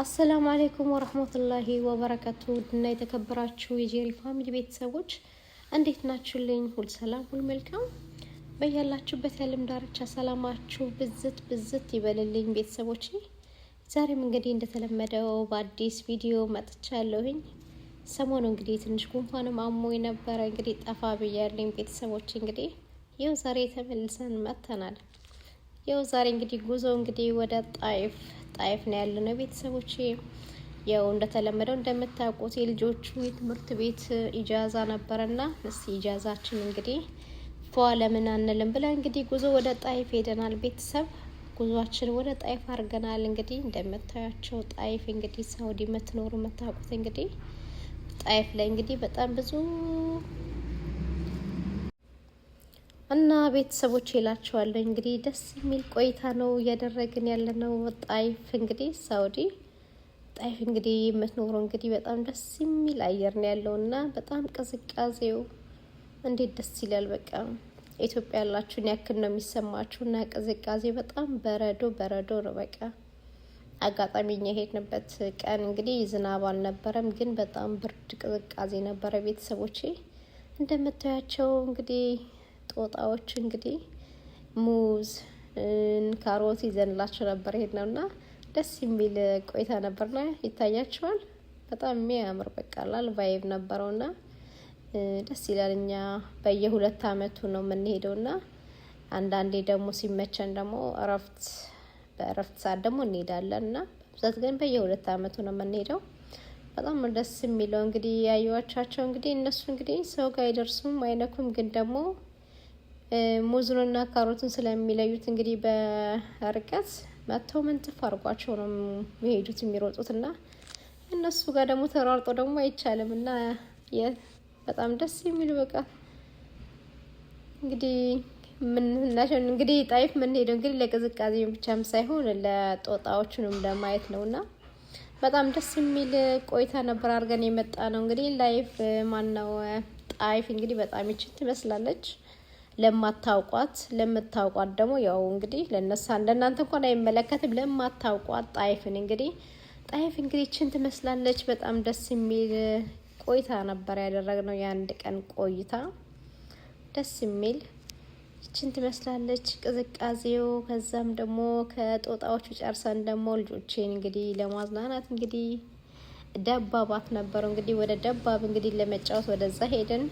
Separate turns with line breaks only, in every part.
አሰላሙ አሌይኩም ወረህመቱላሂ ወበረከቱ እና የተከበራችሁ የጄሪ ፋሚሊ ቤተሰቦች እንዴት ናችሁልኝ? ሁል ሰላም፣ ሁል መልካም በያላችሁበት የዓለም ዳርቻ ሰላማችሁ ብዝት ብዝት ይበልልኝ ቤተሰቦች። ዛሬም እንግዲህ እንደተለመደው በአዲስ ቪዲዮ መጥቻለሁኝ። ሰሞኑ እንግዲህ ትንሽ ጉንፋንም አሞኝ ነበረ፣ እንግዲህ ጠፋ ብያለኝ ቤተሰቦች። እንግዲህ ይኸው ዛሬ ተመልሰን መጥተናል። ይኸው ዛሬ እንግዲህ ጉዞ እንግዲህ ወደ ጣይፍ ጣይፍ ነው ያለ ነው ቤተሰቦች። ያው እንደተለመደው እንደምታውቁት የልጆቹ የትምህርት ቤት ኢጃዛ ነበረና እስቲ ኢጃዛችን እንግዲህ ፏ ለምን አንልም ብለን እንግዲህ ጉዞ ወደ ጣይፍ ሄደናል ቤተሰብ። ጉዟችን ወደ ጣይፍ አድርገናል። እንግዲህ እንደምታያቸው ጣይፍ እንግዲህ ሳውዲ የምትኖሩ የምታውቁት እንግዲህ ጣይፍ ላይ እንግዲህ በጣም ብዙ እና ቤተሰቦች ይላቸዋለሁ እንግዲህ ደስ የሚል ቆይታ ነው እያደረግን ያለነው። ጣይፍ እንግዲህ ሳውዲ ጣይፍ እንግዲህ የምትኖረው እንግዲህ በጣም ደስ የሚል አየር ነው ያለው እና በጣም ቅዝቃዜው እንዴት ደስ ይላል። በቃ ኢትዮጵያ ያላችሁን ያክል ነው የሚሰማችሁ። እና ቅዝቃዜ በጣም በረዶ በረዶ ነው። በቃ አጋጣሚ እኛ የሄድንበት ቀን እንግዲህ ዝናብ አልነበረም፣ ግን በጣም ብርድ ቅዝቃዜ ነበረ። ቤተሰቦቼ እንደምታያቸው እንግዲህ ጦጣዎች እንግዲህ ሙዝ፣ ካሮት ይዘንላቸው ነበር ይሄድ ነው እና ደስ የሚል ቆይታ ነበርና ይታያቸዋል። በጣም የሚያምር በቃላል ቫይብ ና ደስ ይላል። እኛ በየሁለት አመቱ ነው የምንሄደው ና አንዳንዴ ደግሞ ሲመቸን ደግሞ እረፍት በእረፍት ሰዓት ደግሞ እንሄዳለን እና በብዛት ግን በየሁለት አመቱ ነው የምንሄደው። በጣም ደስ የሚለው እንግዲህ ያዩዋቻቸው እንግዲህ እነሱ እንግዲህ ሰው ጋር አይደርሱም አይነኩም፣ ግን ደግሞ ሙዙንና ካሮትን ስለሚለዩት እንግዲህ በርቀት መጥተው መንጥፍ አድርጓቸው ነው የሚሄዱት የሚሮጡት እና እነሱ ጋር ደግሞ ተሯርጦ ደግሞ አይቻልም እና በጣም ደስ የሚሉ በቃ እንግዲህ ምንናቸው እንግዲህ ጣይፍ የምንሄደው እንግዲህ ለቅዝቃዜ ብቻም ሳይሆን ለጦጣዎቹንም ለማየት ነው እና በጣም ደስ የሚል ቆይታ ነበር አድርገን የመጣ ነው። እንግዲህ ላይፍ ማን ጣይፍ እንግዲህ በጣም ይችን ትመስላለች። ለማታውቋት ለምታውቋት ደግሞ ያው እንግዲህ ለነሳ ለእናንተ እንኳን አይመለከትም። ለማታውቋት ጣይፍን እንግዲህ ጣይፍ እንግዲህ ችን ትመስላለች። በጣም ደስ የሚል ቆይታ ነበር ያደረግነው። የአንድ ቀን ቆይታ ደስ የሚል ይችን ትመስላለች። ቅዝቃዜው ከዛም ደግሞ ከጦጣዎቹ ጨርሰን ደግሞ ልጆቼን እንግዲህ ለማዝናናት እንግዲህ ደባባት ነበረው እንግዲህ ወደ ደባብ እንግዲህ ለመጫወት ወደዛ ሄድን።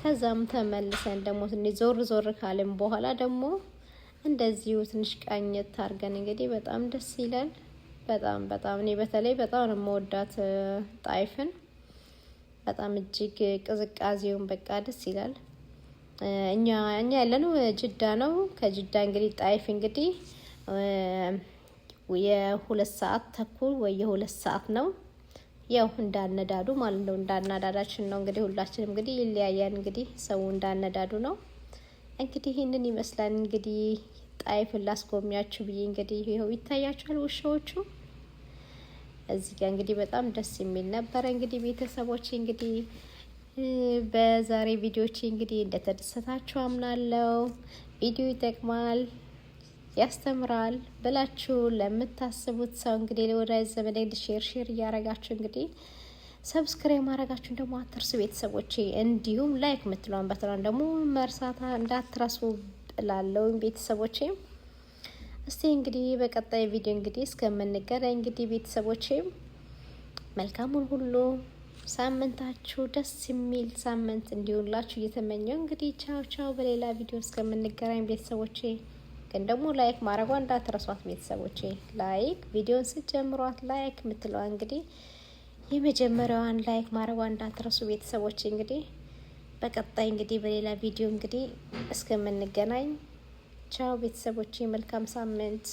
ከዛም ተመልሰን ደግሞ ትንሽ ዞር ዞር ካለን በኋላ ደግሞ እንደዚሁ ትንሽ ቃኘት ታርገን እንግዲህ በጣም ደስ ይላል። በጣም በጣም እኔ በተለይ በጣም ነው መወዳት ጣይፍን። በጣም እጅግ ቅዝቃዜውን በቃ ደስ ይላል። እኛ እኛ ያለነው ጅዳ ነው። ከጅዳ እንግዲህ ጣይፍ እንግዲህ የሁለት ሰዓት ተኩል ወይ የሁለት ሰዓት ነው ያው እንዳነዳዱ ማለት ነው። እንዳናዳዳችን ነው እንግዲህ ሁላችንም እንግዲህ ይለያያን እንግዲህ ሰው እንዳነዳዱ ነው እንግዲህ ይህንን ይመስላል እንግዲህ ጣይፍ ላስጎብኛችሁ ብዬ እንግዲህ ይኸው ይታያችኋል ውሻዎቹ እዚህ ጋር እንግዲህ በጣም ደስ የሚል ነበረ። እንግዲህ ቤተሰቦች እንግዲህ በዛሬ ቪዲዮች እንግዲህ እንደተደሰታችሁ አምናለሁ። ቪዲዮ ይጠቅማል ያስተምራል ብላችሁ ለምታስቡት ሰው እንግዲህ ወዳጅ ዘመዴ ሼር ሼር እያረጋችሁ እንግዲህ ሰብስክራይብ ማድረጋችሁን ደግሞ አትርሱ ቤተሰቦች። እንዲሁም ላይክ የምትለውን በትኗን ደግሞ መርሳት እንዳትረሱ ብላለው ቤተሰቦቼ። እስቲ እንግዲህ በቀጣይ ቪዲዮ እንግዲህ እስከምንገናኝ እንግዲህ ቤተሰቦቼ መልካሙን ሁሉ ሳምንታችሁ ደስ የሚል ሳምንት እንዲሆንላችሁ እየተመኘው እንግዲህ ቻው ቻው። በሌላ ቪዲዮ እስከምንገናኝ ቤተሰቦቼ ግን ደግሞ ላይክ ማድረጓ እንዳትረሷት ቤተሰቦቼ። ላይክ ቪዲዮን ስትጀምሯት ላይክ የምትለዋ እንግዲህ የመጀመሪያዋን ላይክ ማድረጓ እንዳትረሱ ቤተሰቦቼ። እንግዲህ በቀጣይ እንግዲህ በሌላ ቪዲዮ እንግዲህ እስከምንገናኝ ቻው ቤተሰቦቼ፣ መልካም ሳምንት።